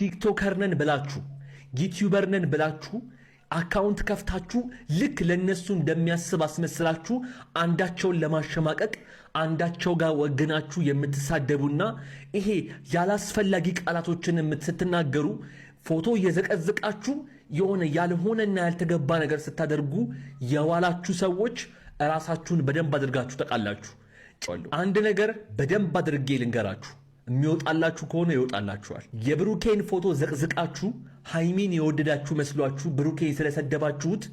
ቲክቶከር ነን ብላችሁ ዩቲዩበር ነን ብላችሁ አካውንት ከፍታችሁ ልክ ለእነሱ እንደሚያስብ አስመስላችሁ አንዳቸውን ለማሸማቀቅ አንዳቸው ጋር ወግናችሁ የምትሳደቡና ይሄ ያላስፈላጊ ቃላቶችን ስትናገሩ ፎቶ እየዘቀዘቃችሁ የሆነ ያልሆነና ያልተገባ ነገር ስታደርጉ የዋላችሁ ሰዎች ራሳችሁን በደንብ አድርጋችሁ ተቃላችሁ። አንድ ነገር በደንብ አድርጌ ልንገራችሁ። የሚወጣላችሁ ከሆነ ይወጣላችኋል። የብሩኬን ፎቶ ዘቅዝቃችሁ ሃይሚን የወደዳችሁ መስሏችሁ ብሩኬን ስለሰደባችሁት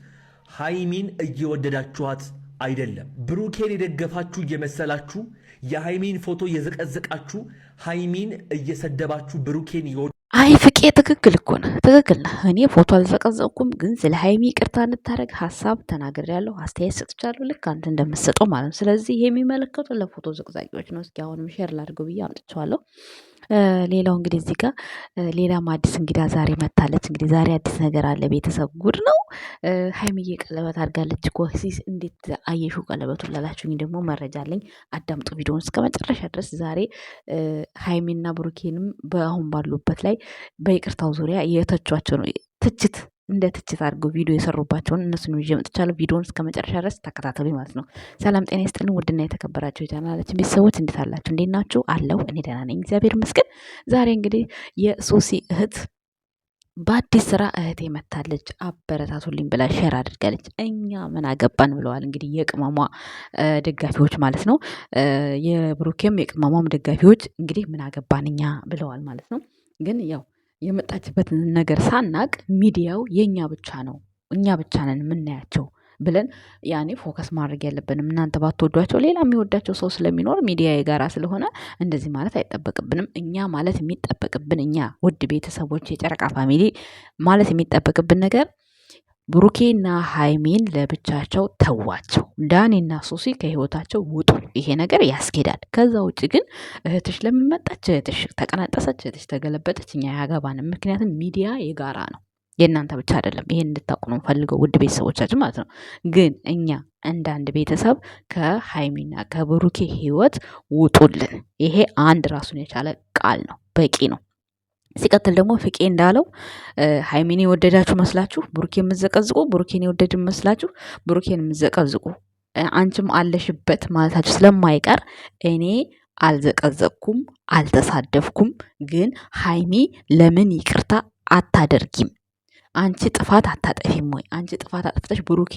ሃይሚን እየወደዳችኋት አይደለም። ብሩኬን የደገፋችሁ እየመሰላችሁ የሃይሚን ፎቶ እየዘቀዘቃችሁ ሃይሚን እየሰደባችሁ ብሩኬን ይወ ብርቄ ትክክል እኮ ነህ፣ ትክክል ነህ። እኔ ፎቶ አልዘቀዘቅኩም፣ ግን ስለ ሀይሚ ይቅርታ እንታረግ ሀሳብ ያለው አስተያየት ሰጥቻለሁ። ልክ አንተ እንደምትሰጠው ማለት ነው። ስለዚህ ይሄ የሚመለከቱ ለፎቶ ዘቅዛቂዎች ነው። እስኪ አሁንም ሼር ላድርገው ብዬ አምጥቼዋለሁ። ሌላው እንግዲህ እዚህ ጋር ሌላም አዲስ እንግዳ ዛሬ መታለች። እንግዲህ ዛሬ አዲስ ነገር አለ። ቤተሰብ ጉድ ነው። ሀይሚዬ ቀለበት አድርጋለች እኮ ሲስ እንዴት አየሹ ቀለበቱን ላላችሁኝ ደግሞ መረጃ አለኝ። አዳምጡ ቪዲዮውን እስከ መጨረሻ ድረስ። ዛሬ ሀይሚና ብሩኬንም በአሁን ባሉበት ላይ በይቅርታው ዙሪያ የተቿቸው ነው። ትችት እንደ ትችት አድርገው ቪዲዮ የሰሩባቸውን እነሱን ይዤ መጥቻለሁ። ቪዲዮውን እስከ መጨረሻ ድረስ ተከታተሉ ማለት ነው። ሰላም ጤና ይስጥልን ውድና የተከበራችሁ የቻናላችን ቤተሰቦች እንዴት አላችሁ? እንዴት ናችሁ? አለው እኔ ደህና ነኝ እግዚአብሔር ይመስገን። ዛሬ እንግዲህ የሶሲ እህት በአዲስ ስራ እህቴ መታለች አበረታቱልኝ ብላ ሼር አድርጋለች። እኛ ምን አገባን ብለዋል እንግዲህ የቅመሟ ደጋፊዎች ማለት ነው። የብሩኬም የቅመሟም ደጋፊዎች እንግዲህ ምን አገባን እኛ ብለዋል ማለት ነው። ግን ያው የመጣችበትን ነገር ሳናቅ ሚዲያው የኛ ብቻ ነው እኛ ብቻ ነን የምናያቸው ብለን ያኔ ፎከስ ማድረግ ያለብንም እናንተ ባትወዷቸው ሌላ የሚወዳቸው ሰው ስለሚኖር ሚዲያ የጋራ ስለሆነ እንደዚህ ማለት አይጠበቅብንም። እኛ ማለት የሚጠበቅብን እኛ ውድ ቤተሰቦች የጨረቃ ፋሚሊ ማለት የሚጠበቅብን ነገር ብሩኬና ሃይሜን ለብቻቸው ተዋቸው። ዳኒና ሶሲ ከህይወታቸው ውጡ። ይሄ ነገር ያስኬዳል። ከዛ ውጭ ግን እህትሽ ለምመጣች፣ እህትሽ ተቀናጠሰች፣ እህትሽ ተገለበጠች እኛ ያገባንም። ምክንያቱም ሚዲያ የጋራ ነው የእናንተ ብቻ አይደለም። ይሄን እንድታውቁ ነው ፈልገው ውድ ቤተሰቦቻችን ማለት ነው። ግን እኛ እንደ አንድ ቤተሰብ ከሃይሚና ከብሩኬ ህይወት ውጡልን። ይሄ አንድ ራሱን የቻለ ቃል ነው፣ በቂ ነው። ሲቀጥል ደግሞ ፍቄ እንዳለው ሃይሚን የወደዳችሁ መስላችሁ ብሩኬን የምዘቀዝቁ ብሩኬን የወደድ መስላችሁ ብሩኬን የምዘቀዝቁ አንቺም አለሽበት ማለታችሁ ስለማይቀር እኔ አልዘቀዘቅኩም፣ አልተሳደብኩም። ግን ሃይሚ ለምን ይቅርታ አታደርጊም? አንቺ ጥፋት አታጠፊም ወይ? አንቺ ጥፋት አጥፍተሽ ብሩኬ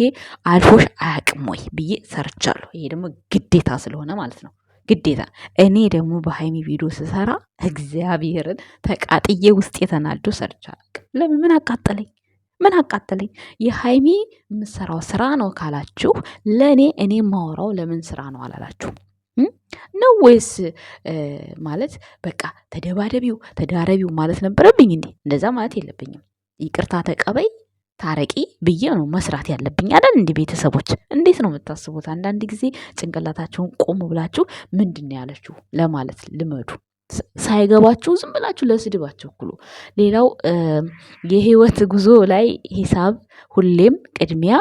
አልፎሽ አያቅም ወይ ብዬ ሰርቻለሁ። ይሄ ደግሞ ግዴታ ስለሆነ ማለት ነው። ግዴታ እኔ ደግሞ በሃይሚ ቪዲዮ ስሰራ እግዚአብሔርን ተቃጥዬ ውስጥ የተናዱ ሰርቻ ለምን ምን አቃጠለኝ ምን አቃጠለኝ የሃይሚ የምሰራው ስራ ነው ካላችሁ ለእኔ እኔ ማወራው ለምን ስራ ነው አላላችሁ ነው ወይስ ማለት በቃ ተደባደቢው ተዳረቢው ማለት ነበረብኝ እንዴ እንደዛ ማለት የለብኝም ይቅርታ ተቀበይ ታረቂ ብዬ ነው መስራት ያለብኝ አይደል? እንዲህ ቤተሰቦች እንዴት ነው የምታስቡት? አንዳንድ ጊዜ ጭንቅላታቸውን ቆም ብላችሁ ምንድን ነው ያለችው ለማለት ልመዱ። ሳይገባችሁ ዝም ብላችሁ ለስድባችሁ አትኩሉ። ሌላው የህይወት ጉዞ ላይ ሂሳብ ሁሌም ቅድሚያ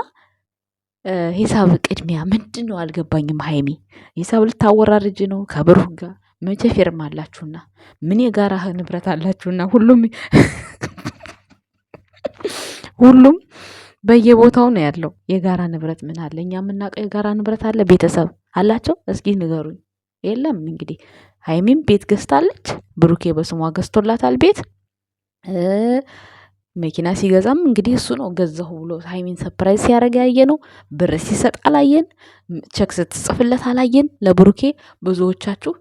ሂሳብ ቅድሚያ ምንድን ነው አልገባኝም። ሀይሚ ሂሳብ ልታወራርጅ ነው ከብሩ ጋር መቼ ፌርማ አላችሁና ምን የጋራ ንብረት አላችሁና ሁሉም ሁሉም በየቦታው ነው ያለው። የጋራ ንብረት ምን አለ? እኛ የምናውቀው የጋራ ንብረት አለ? ቤተሰብ አላቸው? እስኪ ንገሩኝ። የለም እንግዲህ ሀይሚም ቤት ገዝታለች፣ ብሩኬ በስሟ ገዝቶላታል ቤት መኪና ሲገዛም እንግዲህ እሱ ነው ገዛሁ ብሎ ሃይሚን ሰፕራይዝ ሲያደርግ ያየ ነው። ብር ሲሰጥ አላየን፣ ቸክ ስትጽፍለት አላየን። ለብሩኬ ብዙዎቻችሁ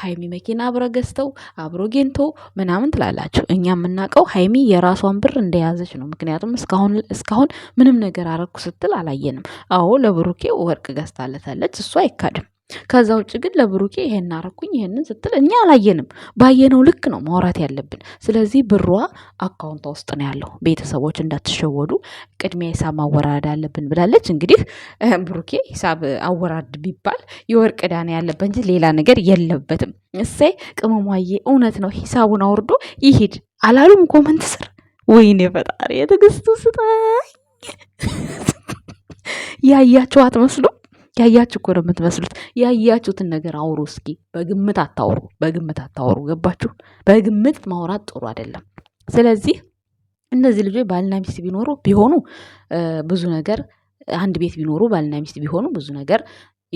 ሀይሚ መኪና አብረ ገዝተው አብሮ ጌንቶ ምናምን ትላላችሁ። እኛ የምናውቀው ሀይሚ የራሷን ብር እንደያዘች ነው። ምክንያቱም እስካሁን እስካሁን ምንም ነገር አረግኩ ስትል አላየንም። አዎ ለብሩኬ ወርቅ ገዝታለታለች፣ እሱ አይካድም። ከዛ ውጭ ግን ለብሩኬ ይሄን አረኩኝ ይሄንን ስትል እኛ አላየንም። ባየነው ልክ ነው ማውራት ያለብን። ስለዚህ ብሯ አካውንቷ ውስጥ ነው ያለው። ቤተሰቦች እንዳትሸወዱ፣ ቅድሚያ ሂሳብ ማወራረድ አለብን ብላለች። እንግዲህ ብሩኬ ሂሳብ አወራርድ ቢባል የወርቅ ዳና ያለበት እንጂ ሌላ ነገር የለበትም። እሰይ ቅመሟዬ፣ እውነት ነው። ሂሳቡን አውርዶ ይሄድ አላሉም ኮመንት ስር። ወይኔ ፈጣሪ የትዕግስቱ ስጠኝ። ያያችኋት መስሎ ያያችሁ እኮ ነው የምትመስሉት። ያያችሁትን ነገር አውሩ እስኪ። በግምት አታውሩ፣ በግምት አታውሩ። ገባችሁ? በግምት ማውራት ጥሩ አይደለም። ስለዚህ እነዚህ ልጆች ባልና ሚስት ቢኖሩ ቢሆኑ ብዙ ነገር አንድ ቤት ቢኖሩ ባልና ሚስት ቢሆኑ ብዙ ነገር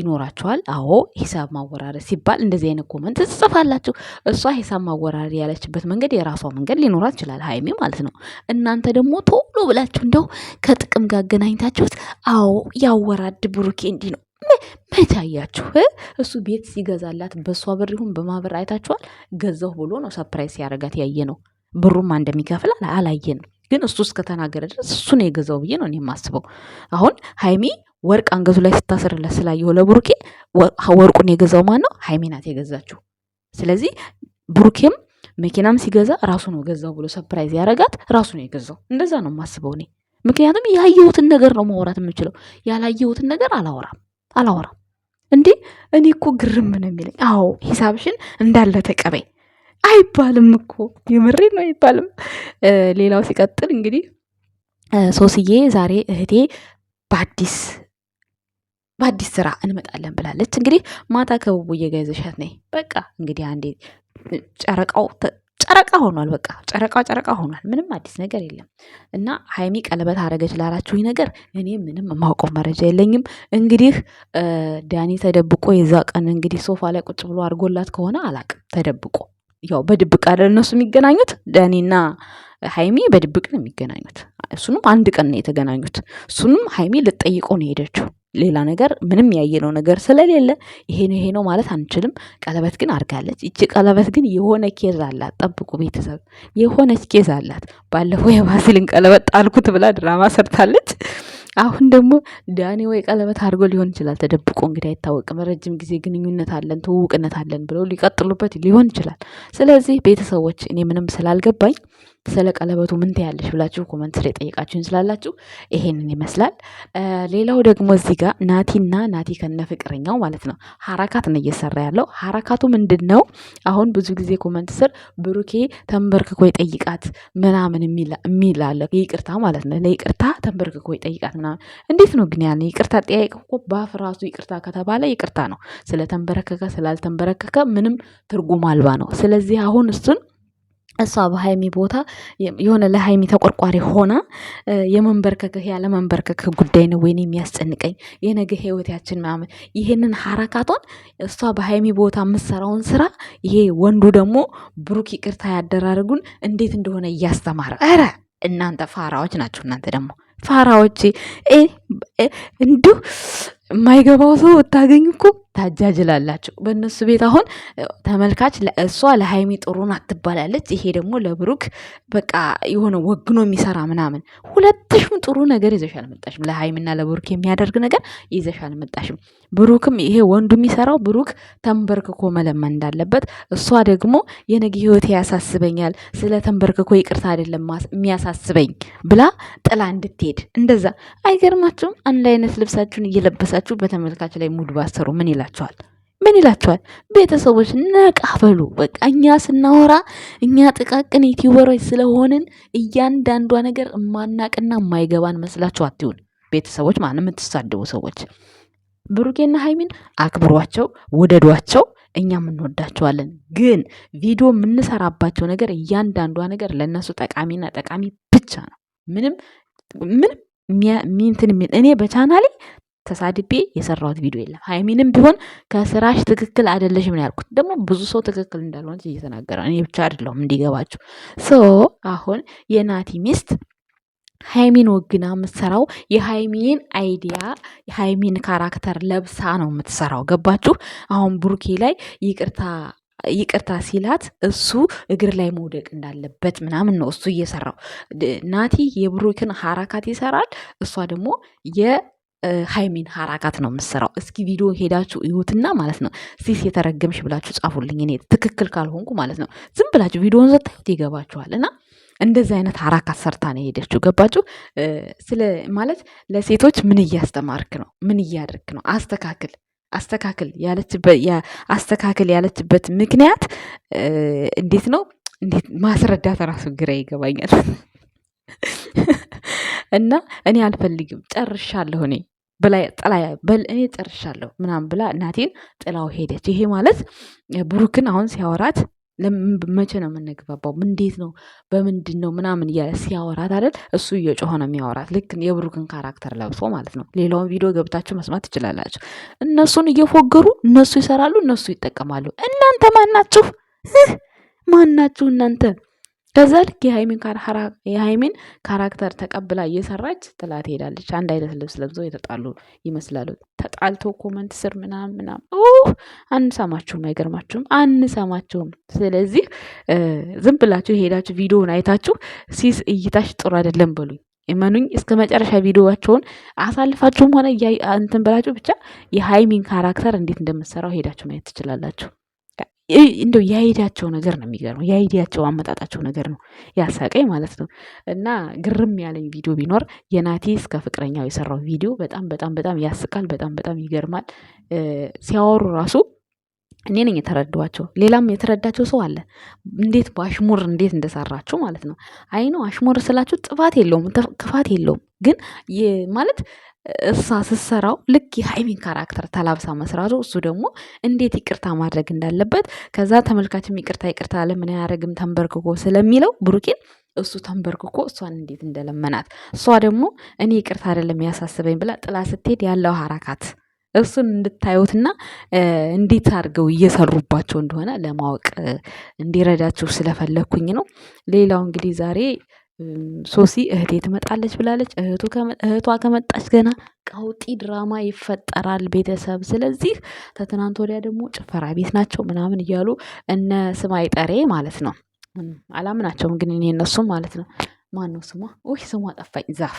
ይኖራቸዋል። አዎ ሂሳብ ማወራረድ ሲባል እንደዚህ አይነት ኮመንት ትጽፋላችሁ። እሷ ሂሳብ ማወራረድ ያለችበት መንገድ የራሷ መንገድ ሊኖራት ይችላል፣ ሀይሜ ማለት ነው። እናንተ ደግሞ ቶሎ ብላችሁ እንደው ከጥቅም ጋር አገናኝታችሁት፣ አዎ ያወራድ ብሩኬ እንዲህ ነው መታያችሁ እሱ ቤት ሲገዛላት በእሷ ብር ይሁን በማህበር አይታችኋል። ገዛሁ ብሎ ነው ሰፕራይዝ ሲያደርጋት ያየ ነው። ብሩማ እንደሚከፍል አላየንም፣ ግን እሱ እስከተናገረ ድረስ እሱ ነው የገዛው ብዬ ነው እኔ የማስበው። አሁን ሀይሚ ወርቅ አንገቱ ላይ ስታስርለት ስላየሁ ለብሩኬ ወርቁን የገዛው ማን ነው? ሃይሚ ናት የገዛችው። ስለዚህ ብሩኬም መኪናም ሲገዛ ራሱ ነው ገዛው ብሎ ሰፕራይዝ ያደረጋት ራሱ ነው የገዛው። እንደዛ ነው የማስበው እኔ። ምክንያቱም ያየሁትን ነገር ነው ማውራት የምችለው፣ ያላየሁትን ነገር አላወራም። አላወራም። እንዴ እኔ እኮ ግርም ነው የሚለኝ። አዎ ሂሳብሽን እንዳለ ተቀበይ አይባልም እኮ የምሬ ነው አይባልም። ሌላው ሲቀጥል እንግዲህ ሶስዬ ዛሬ እህቴ በአዲስ በአዲስ ስራ እንመጣለን ብላለች። እንግዲህ ማታ ከቡቡ እየገዘሻት ነይ በቃ እንግዲህ አንዴ ጨረቃው ጨረቃ ሆኗል። በቃ ጨረቃ ጨረቃ ሆኗል። ምንም አዲስ ነገር የለም እና ሀይሚ ቀለበት አረገች ላላችሁኝ ነገር እኔ ምንም የማውቀው መረጃ የለኝም። እንግዲህ ዳኒ ተደብቆ የዛ ቀን እንግዲህ ሶፋ ላይ ቁጭ ብሎ አድርጎላት ከሆነ አላቅም። ተደብቆ ያው በድብቅ አይደል እነሱ የሚገናኙት ዳኒና ሀይሚ በድብቅ ነው የሚገናኙት። እሱንም አንድ ቀን ነው የተገናኙት። እሱንም ሀይሚ ልጠይቀው ነው የሄደችው ሌላ ነገር ምንም ያየነው ነገር ስለሌለ ይሄ ነው ይሄ ነው ማለት አንችልም። ቀለበት ግን አድርጋለች። ይቺ ቀለበት ግን የሆነ ኬዝ አላት። ጠብቁ ቤተሰብ፣ የሆነች ኬዝ አላት። ባለፈው የባሲልን ቀለበት ጣልኩት ብላ ድራማ ሰርታለች። አሁን ደግሞ ዳኒ ወይ ቀለበት አድርጎ ሊሆን ይችላል ተደብቆ እንግዲህ አይታወቅም። ረጅም ጊዜ ግንኙነት አለን ትውውቅነት አለን ብለው ሊቀጥሉበት ሊሆን ይችላል። ስለዚህ ቤተሰቦች እኔ ምንም ስላልገባኝ ስለ ቀለበቱ ምን ትያለሽ ብላችሁ ኮመንት ላይ ጠይቃችሁን ስላላችሁ ይሄንን ይመስላል። ሌላው ደግሞ እዚህ ጋር ናቲና ናቲ ከነ ፍቅረኛው ማለት ነው ሀረካት ነው እየሰራ ያለው። ሀረካቱ ምንድን ነው? አሁን ብዙ ጊዜ ኮመንት ስር ብሩኬ ተንበርክኮ ይጠይቃት ምናምን የሚላለ ይቅርታ ማለት ነው ለይቅርታ ተንበርክኮ ይጠይቃት ምናምን እንዴት ነው ግን ያን ይቅርታ ጠያይቅ እኮ ባፍ ራሱ ይቅርታ ከተባለ ይቅርታ ነው። ስለተንበረከከ ስላልተንበረከከ ምንም ትርጉም አልባ ነው። ስለዚህ አሁን እሱን እሷ በሀይሚ ቦታ የሆነ ለሀይሚ ተቆርቋሪ ሆና የመንበርከክህ ያለ መንበርከክህ ጉዳይ ነው ወይኔ የሚያስጨንቀኝ የነገ ህይወታችን ምናምን ይሄንን ሀረካቷን እሷ በሀይሚ ቦታ የምትሰራውን ስራ ይሄ ወንዱ ደግሞ ብሩክ ይቅርታ ያደራርጉን እንዴት እንደሆነ እያስተማረ ኧረ እናንተ ፋራዎች ናችሁ እናንተ ደግሞ ፋራዎች እንዲሁ የማይገባው ሰው ብታገኙ እኮ ታጃጅላላቸው በእነሱ ቤት አሁን ተመልካች ለእሷ ለሀይሚ ጥሩ ናት ትባላለች። ይሄ ደግሞ ለብሩክ በቃ የሆነ ወግኖ የሚሰራ ምናምን። ሁለትሽም ጥሩ ነገር ይዘሽ አልመጣሽም። ለሀይሚና ለብሩክ የሚያደርግ ነገር ይዘሽ አልመጣሽም። ብሩክም ይሄ ወንዱ የሚሰራው ብሩክ ተንበርክኮ መለመን እንዳለበት፣ እሷ ደግሞ የነገ ህይወቴ ያሳስበኛል፣ ስለ ተንበርክኮ ይቅርታ አይደለም የሚያሳስበኝ ብላ ጥላ እንድትሄድ እንደዛ። አይገርማችሁም? አንድ አይነት ልብሳችሁን እየለበሳችሁ በተመልካች ላይ ሙድ ባሰሩ ምን ይላል? ይላቸዋል። ምን ይላቸዋል? ቤተሰቦች ነቃ በቃ እኛ ስናወራ እኛ ጥቃቅን ዩቲዩበሮች ስለሆንን እያንዳንዷ ነገር ማናቅና የማይገባን መስላችሁ አትሁን። ቤተሰቦች ማንም የምትሳደቡ ሰዎች ብሩኬና ሀይሚን አክብሯቸው፣ ውደዷቸው። እኛም እንወዳቸዋለን። ግን ቪዲዮ የምንሰራባቸው ነገር እያንዳንዷ ነገር ለእነሱ ጠቃሚና ጠቃሚ ብቻ ነው። ምንም ምንም እኔ በቻናሌ ተሳድቤ የሰራሁት ቪዲዮ የለም። ሀይሚንም ቢሆን ከስራሽ ትክክል አይደለሽም ነው ያልኩት። ደግሞ ብዙ ሰው ትክክል እንዳልሆነች እየተናገረ እኔ ብቻ አይደለሁም እንዲገባችሁ። ሶ አሁን የናቲ ሚስት ሀይሚን ወግና የምትሰራው የሀይሚን አይዲያ የሀይሚን ካራክተር ለብሳ ነው የምትሰራው። ገባችሁ? አሁን ቡርኬ ላይ ይቅርታ ይቅርታ ሲላት እሱ እግር ላይ መውደቅ እንዳለበት ምናምን ነው እሱ እየሰራው። ናቲ የብሩክን ሀራካት ይሰራል፣ እሷ ደግሞ ሃይሚን ሀራቃት ነው የምሰራው። እስኪ ቪዲዮ ሄዳችሁ እዩትና ማለት ነው ሲስ የተረገምሽ ብላችሁ ጻፉልኝ። እኔ ትክክል ካልሆንኩ ማለት ነው ዝም ብላችሁ ቪዲዮን ዘታዩት ይገባችኋል። እና እንደዚህ አይነት ሀራካት ሰርታ ነው የሄደችው። ገባችሁ? ስለ ማለት ለሴቶች ምን እያስተማርክ ነው? ምን እያደርክ ነው? አስተካክል አስተካክል አስተካክል ያለችበት ምክንያት እንዴት ነው? እንዴት ማስረዳት ራሱ ግራ ይገባኛል። እና እኔ አልፈልግም፣ ጨርሻለሁ እኔ ጥላ በል እኔ ጨርሻለሁ ምናምን ብላ እናቴን ጥላው ሄደች። ይሄ ማለት ብሩክን አሁን ሲያወራት መቼ ነው የምንግባባው? እንዴት ነው በምንድን ነው ምናምን እያለ ሲያወራት አይደል እሱ እየጮኸ ነው የሚያወራት። ልክ የብሩክን ካራክተር ለብሶ ማለት ነው። ሌላውን ቪዲዮ ገብታችሁ መስማት ትችላላችሁ። እነሱን እየፎገሩ እነሱ ይሰራሉ፣ እነሱ ይጠቀማሉ። እናንተ ማናችሁ? ማናችሁ እናንተ ከዛ ልክ የሀይሚን ካራክተር ተቀብላ እየሰራች ጥላ ትሄዳለች። አንድ አይነት ልብስ ለብሰው የተጣሉ ይመስላሉ። ተጣልቶ ኮመንት ስር ምናምን ምናምን አንሰማችሁም፣ አይገርማችሁም? አንሰማችሁም። ስለዚህ ዝም ብላችሁ የሄዳችሁ ቪዲዮውን አይታችሁ ሲስ እይታሽ ጥሩ አይደለም በሉኝ። እመኑኝ እስከ መጨረሻ ቪዲዮዋቸውን አሳልፋችሁም ሆነ እንትን ብላችሁ ብቻ የሃይሚን ካራክተር እንዴት እንደምትሰራው ሄዳችሁ ማየት ትችላላችሁ። እንደው የአይዲያቸው ነገር ነው የሚገርመው። የአይዲያቸው አመጣጣቸው ነገር ነው ያሳቀኝ ማለት ነው። እና ግርም ያለኝ ቪዲዮ ቢኖር የናቲ እስከ ፍቅረኛው የሰራው ቪዲዮ በጣም በጣም በጣም ያስቃል። በጣም በጣም ይገርማል። ሲያወሩ ራሱ እኔ ነኝ የተረዳኋቸው። ሌላም የተረዳቸው ሰው አለ። እንዴት በአሽሙር እንዴት እንደሰራችሁ ማለት ነው። አይ ነው አሽሙር ስላችሁ ጥፋት የለውም ክፋት የለውም ግን ማለት እሷ ስትሰራው ልክ የሀይሚን ካራክተር ተላብሳ መስራቱ እሱ ደግሞ እንዴት ይቅርታ ማድረግ እንዳለበት ከዛ ተመልካችም ይቅርታ ይቅርታ ለምን አያደርግም ተንበርክኮ ስለሚለው ብሩኬን እሱ ተንበርክኮ እሷን እንዴት እንደለመናት እሷ ደግሞ እኔ ይቅርታ አይደለም ያሳስበኝ ብላ ጥላ ስትሄድ ያለው ሀራካት እሱን እንድታዩትና እንዴት አድርገው እየሰሩባቸው እንደሆነ ለማወቅ እንዲረዳቸው ስለፈለግኩኝ ነው። ሌላው እንግዲህ ዛሬ ሶሲ እህቴ ትመጣለች ብላለች። እህቷ ከመጣች ገና ቀውጢ ድራማ ይፈጠራል ቤተሰብ። ስለዚህ ከትናንት ወዲያ ደግሞ ጭፈራ ቤት ናቸው ምናምን እያሉ እነ ስማይ ጠሬ ማለት ነው። አላምናቸውም ግን እኔ እነሱም ማለት ነው። ማን ነው ስሟ? ውይ ስሟ ጠፋኝ። ዛፍ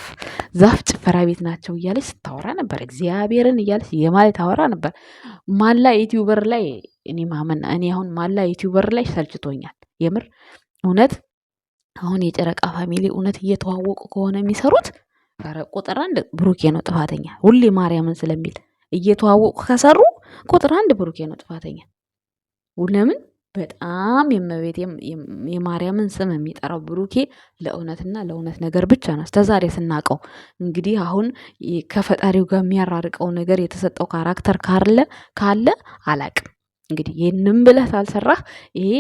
ዛፍ ጭፈራ ቤት ናቸው እያለች ስታወራ ነበር። እግዚአብሔርን እያለች የማለት ታወራ ነበር። ማላ ዩቲዩበር ላይ እኔ ማመን እኔ አሁን ማላ ዩቲዩበር ላይ ሰልችቶኛል የምር እውነት አሁን የጨረቃ ፋሚሊ እውነት እየተዋወቁ ከሆነ የሚሰሩት ኧረ ቁጥር አንድ ብሩኬ ነው ጥፋተኛ። ሁሌ ማርያምን ስለሚል እየተዋወቁ ከሰሩ ቁጥር አንድ ብሩኬ ነው ጥፋተኛ። ለምን በጣም የመቤት የማርያምን ስም የሚጠራው ብሩኬ ለእውነትና ለእውነት ነገር ብቻ ነው እስከ ስናቀው ስናውቀው። እንግዲህ አሁን ከፈጣሪው ጋር የሚያራርቀው ነገር የተሰጠው ካራክተር ካለ ካለ አላቅም። እንግዲህ ይህንም ብለህ ሳልሰራህ ይሄ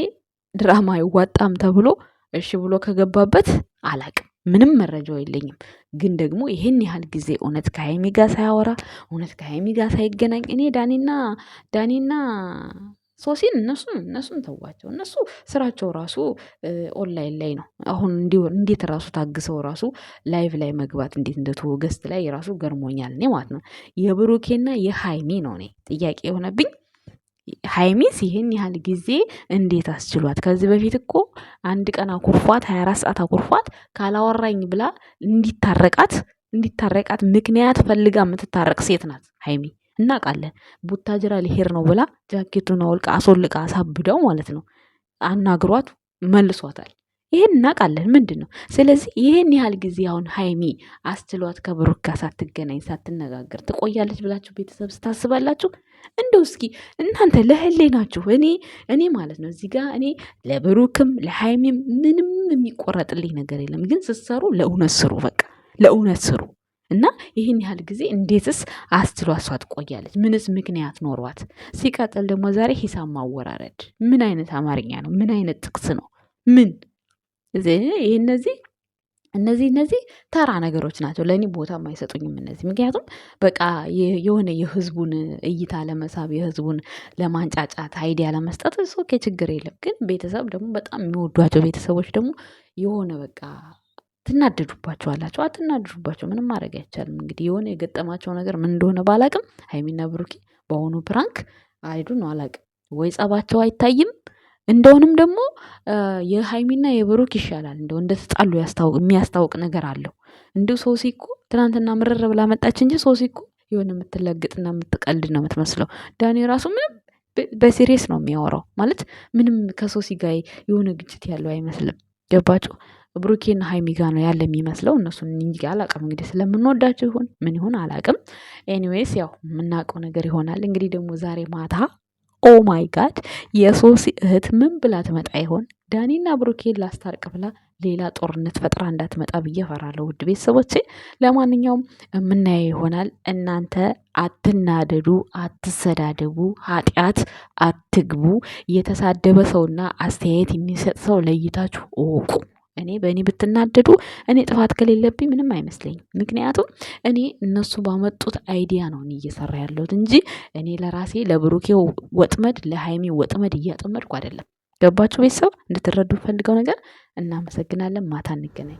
ድራማ አይዋጣም ተብሎ እሺ ብሎ ከገባበት አላቅም ምንም መረጃው የለኝም። ግን ደግሞ ይሄን ያህል ጊዜ እውነት ከሀይሚ ጋር ሳያወራ እውነት ከሀይሚ ጋር ሳይገናኝ እኔ ዳኒና ዳኒና ሶሲን እነሱን እነሱን ተዋቸው። እነሱ ስራቸው ራሱ ኦንላይን ላይ ነው። አሁን እንዴት ራሱ ታግሰው ራሱ ላይቭ ላይ መግባት እንዴት እንደተወ ገስት ላይ ራሱ ገርሞኛል እኔ ማለት ነው። የብሩኬና የሀይሚ ነው እኔ ጥያቄ የሆነብኝ። ሀይሚስ ይህን ያህል ጊዜ እንዴት አስችሏት? ከዚህ በፊት እኮ አንድ ቀን አኩርፏት ሀያ አራት ሰዓት አኩርፏት ካላወራኝ ብላ እንዲታረቃት እንዲታረቃት ምክንያት ፈልጋ የምትታረቅ ሴት ናት ሀይሚ። እናውቃለን። ቡታጅራ ሊሄድ ነው ብላ ጃኬቱን አውልቃ አስወልቃ አሳብደው ማለት ነው አናግሯት መልሷታል። ይሄን እናውቃለን። ምንድን ነው ስለዚህ ይሄን ያህል ጊዜ አሁን ሀይሚ አስችሏት ከብሩክ ጋር ሳትገናኝ ሳትነጋገር ትቆያለች ብላችሁ ቤተሰብ ስታስባላችሁ እንደው እስኪ እናንተ ለህሌ ናችሁ። እኔ እኔ ማለት ነው እዚህ ጋር እኔ ለብሩክም ለሃይሚም ምንም የሚቆረጥልኝ ነገር የለም። ግን ስትሰሩ ለእውነት ስሩ፣ በቃ ለእውነት ስሩ እና ይህን ያህል ጊዜ እንዴትስ አስችሏ እሷ ትቆያለች? ምንስ ምክንያት ኖሯት? ሲቀጥል ደግሞ ዛሬ ሂሳብ ማወራረድ ምን አይነት አማርኛ ነው? ምን አይነት ጥቅስ ነው? ምን ይህ እነዚህ እነዚህ እነዚህ ተራ ነገሮች ናቸው ለእኔ ቦታ አይሰጡኝም። እነዚህ ምክንያቱም በቃ የሆነ የህዝቡን እይታ ለመሳብ የህዝቡን ለማንጫጫት አይዲያ ለመስጠት ኦኬ ችግር የለም። ግን ቤተሰብ ደግሞ በጣም የሚወዷቸው ቤተሰቦች ደግሞ የሆነ በቃ ትናደዱባቸው አላቸው አትናደዱባቸው ምንም ማድረግ አይቻልም። እንግዲህ የሆነ የገጠማቸው ነገር ምን እንደሆነ ባላቅም? ሀይሚና ብሩኬ በአሁኑ ፕራንክ አይዱን አላውቅም ወይ ጸባቸው አይታይም እንደውንም ደግሞ የሀይሚና የብሩክ ይሻላል። እንደው እንደተጣሉ የሚያስታውቅ ነገር አለው። እንዲሁ ሶሲ እኮ ትናንትና ምርር ብላ መጣች እንጂ ሶሲ እኮ የሆነ የምትለግጥና የምትቀልድ ነው የምትመስለው። ዳኒ ራሱ ምንም በሲሪየስ ነው የሚያወራው። ማለት ምንም ከሶሲ ጋር የሆነ ግጭት ያለው አይመስልም። ገባችሁ? ብሩኬና ሃይሚ ጋ ነው ያለ የሚመስለው። እነሱን እንጂ አላቅም እንግዲህ ስለምንወዳቸው ይሆን ምን ይሆን አላቅም። ኤኒዌይስ ያው የምናውቀው ነገር ይሆናል። እንግዲህ ደግሞ ዛሬ ማታ ኦ ማይ ጋድ የሶሲ እህት ምን ብላ ትመጣ ይሆን? ዳኒና ብሩኬን ላስታርቅ ብላ ሌላ ጦርነት ፈጥራ እንዳትመጣ ብዬ ፈራለሁ። ውድ ቤተሰቦች፣ ለማንኛውም የምናየው ይሆናል። እናንተ አትናደዱ፣ አትሰዳደቡ፣ ኃጢአት አትግቡ። የተሳደበ ሰውና አስተያየት የሚሰጥ ሰው ለይታችሁ እወቁ። እኔ በእኔ ብትናደዱ እኔ ጥፋት ከሌለብኝ ምንም አይመስለኝም። ምክንያቱም እኔ እነሱ ባመጡት አይዲያ ነው እኔ እየሰራ ያለሁት እንጂ እኔ ለራሴ ለብሩኬ ወጥመድ ለሃይሚ ወጥመድ እያጠመድኩ አይደለም። ገባችሁ ቤተሰብ? እንድትረዱ ፈልገው ነገር። እናመሰግናለን። ማታ እንገናኝ።